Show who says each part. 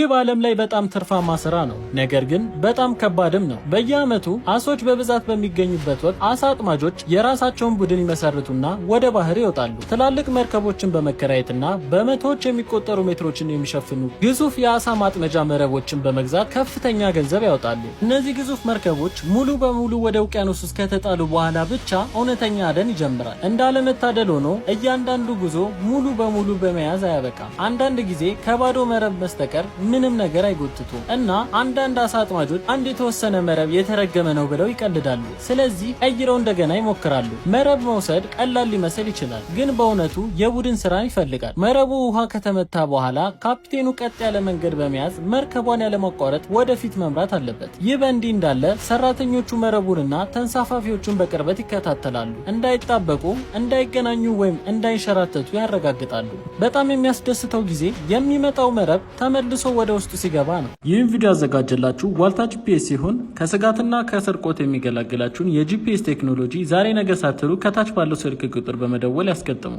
Speaker 1: ይህ በዓለም ላይ በጣም ትርፋማ ስራ ነው፣ ነገር ግን በጣም ከባድም ነው። በየዓመቱ አሶች በብዛት በሚገኙበት ወቅት አሳ አጥማጆች የራሳቸውን ቡድን ይመሰርቱና ወደ ባህር ይወጣሉ። ትላልቅ መርከቦችን በመከራየትና በመቶዎች የሚቆጠሩ ሜትሮችን የሚሸፍኑ ግዙፍ የአሳ ማጥመጃ መረቦችን በመግዛት ከፍተኛ ገንዘብ ያወጣሉ። እነዚህ ግዙፍ መርከቦች ሙሉ በሙሉ ወደ ውቅያኖስ ውስጥ ከተጣሉ በኋላ ብቻ እውነተኛ አደን ይጀምራል። እንዳለመታደል ሆኖ እያንዳንዱ ጉዞ ሙሉ በሙሉ በመያዝ አያበቃም። አንዳንድ ጊዜ ከባዶ መረብ በስተቀር ምንም ነገር አይጎትቱም እና አንዳንድ አሳ አጥማጆች አንድ የተወሰነ መረብ የተረገመ ነው ብለው ይቀልዳሉ። ስለዚህ ቀይረው እንደገና ይሞክራሉ። መረብ መውሰድ ቀላል ሊመስል ይችላል፣ ግን በእውነቱ የቡድን ስራን ይፈልጋል። መረቡ ውሃ ከተመታ በኋላ ካፕቴኑ ቀጥ ያለ መንገድ በመያዝ መርከቧን ያለማቋረጥ ወደፊት መምራት አለበት። ይህ በእንዲህ እንዳለ ሰራተኞቹ መረቡንና ተንሳፋፊዎቹን በቅርበት ይከታተላሉ። እንዳይጣበቁ፣ እንዳይገናኙ ወይም እንዳይሸራተቱ ያረጋግጣሉ። በጣም የሚያስደስተው ጊዜ የሚመጣው መረብ ተመልሶ ወደ ውስጡ ሲገባ ነው።
Speaker 2: ይህን ቪዲዮ ያዘጋጀላችሁ ዋልታ ጂፒኤስ ሲሆን ከስጋትና ከስርቆት የሚገላግላችሁን የጂፒኤስ ቴክኖሎጂ ዛሬ ነገ ሳትሉ ከታች ባለው ስልክ ቁጥር በመደወል ያስገጥሙ።